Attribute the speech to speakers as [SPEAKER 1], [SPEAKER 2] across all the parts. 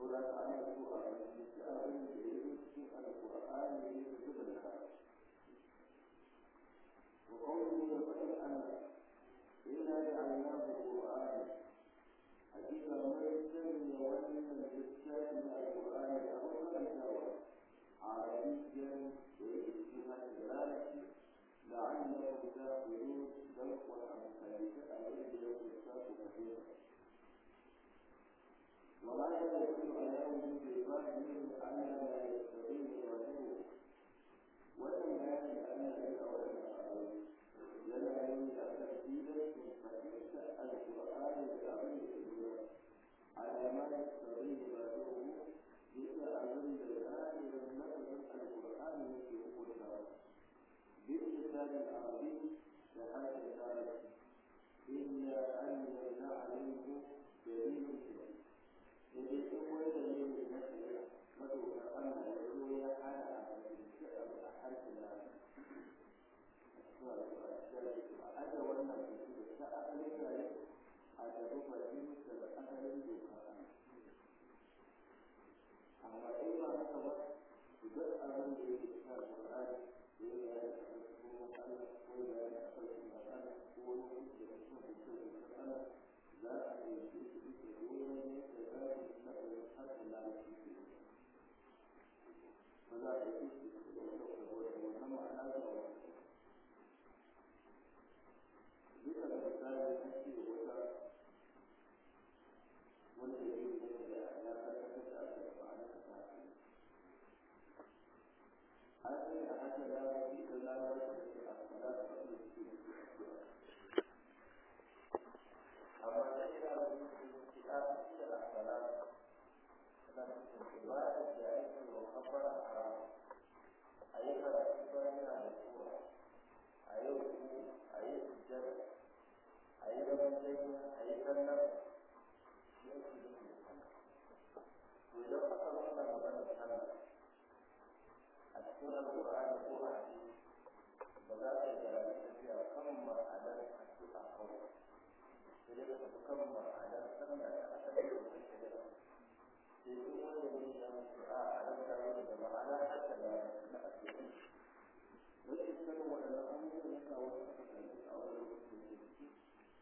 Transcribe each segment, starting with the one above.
[SPEAKER 1] سورة آية القرآن الآن يجب القرآن يجب الخارج وقوله وإن إنا جعلناه قرآن حديث ما يستمع وأن الإسلام القرآن أول الأول عربيا ويجب الدراسة لعله تاخذون ذوق الأمثال فأولد يوم السابق كثيرا ولا يدخل على من في واحد أن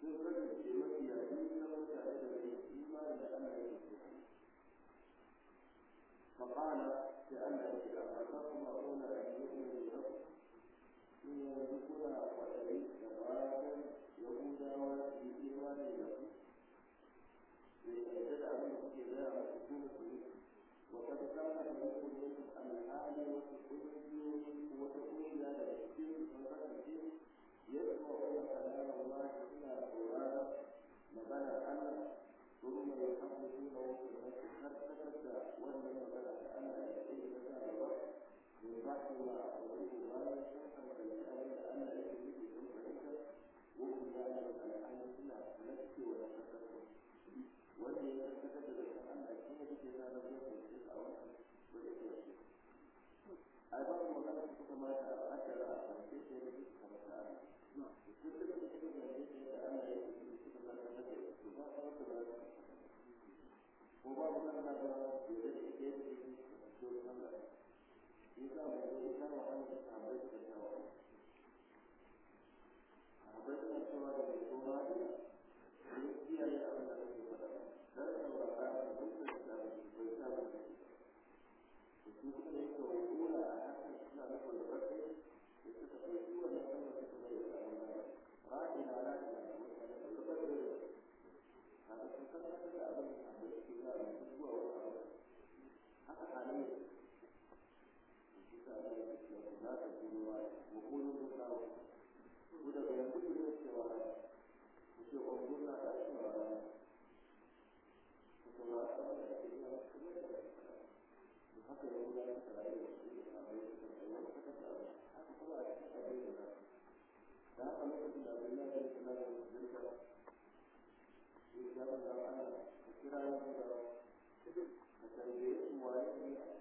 [SPEAKER 1] sun kasance makiyayi na mutane da ke imani da ana yin su. Fakala sai Allah ya ce a farkon وقولوا وده بيقول لي مش ولا مش يقول لنا عايش ولا وكل واحد كده حتى لو ده العيب والشيء عمليه الحيوان حتى حتى كل واحد شايف ده ده قالوا لي ده بالله ده كمان ده إذا كان هذا كلام هذا مثلا يسمى يعني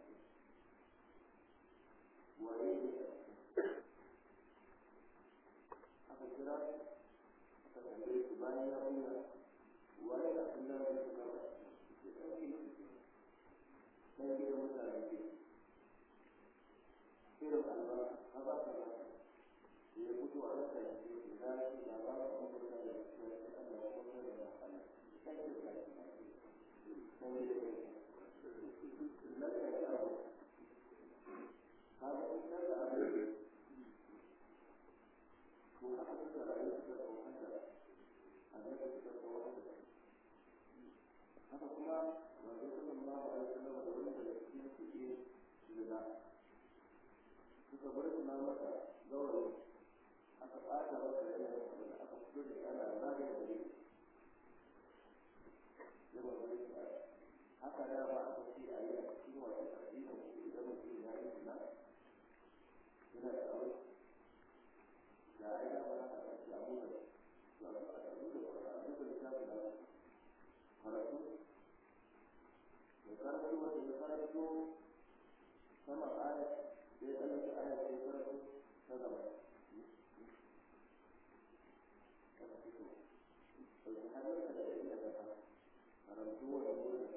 [SPEAKER 1] farko sama aya sai ta nufi aya ta yi farko ta gaba Kalau kita ada yang ada, orang tua yang boleh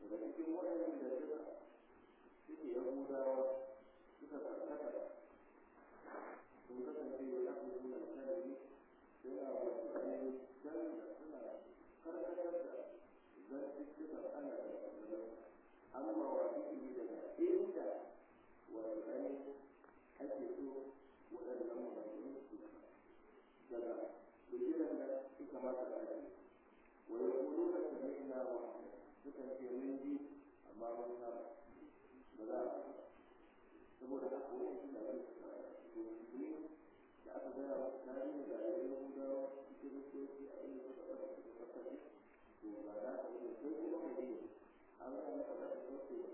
[SPEAKER 1] 我们经过那个那个具体的步骤，就在刚才讲。domin ji amma wani ba za a saboda a koya shi da wani domin da aka gaya wa tsari da rayuwar gudawa cikin sojoji a inda suka ɗaga da kasar to ba za a yi da sai kuma mai an gaya masa da su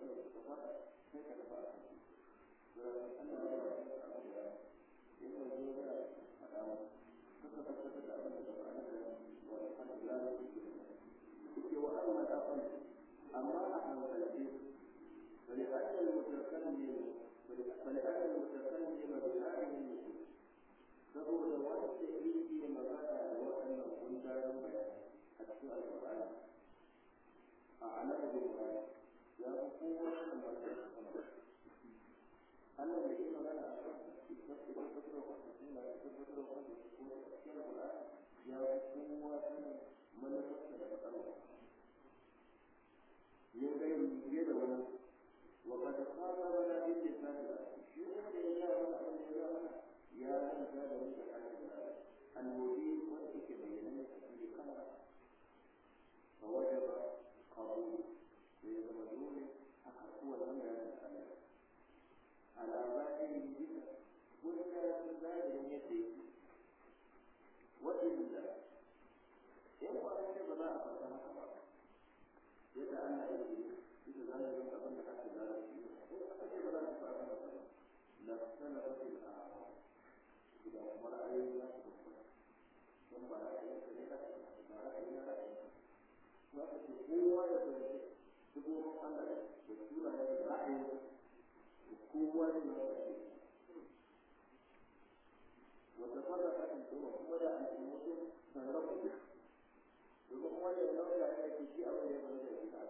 [SPEAKER 1] da nau'in ake a wani a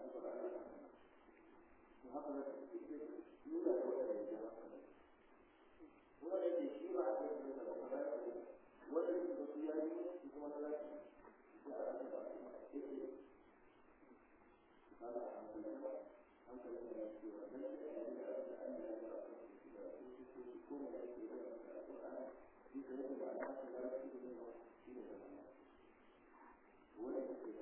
[SPEAKER 1] duka da ana to haka da shi ke shi ba a kai ba ba ba ba ba ba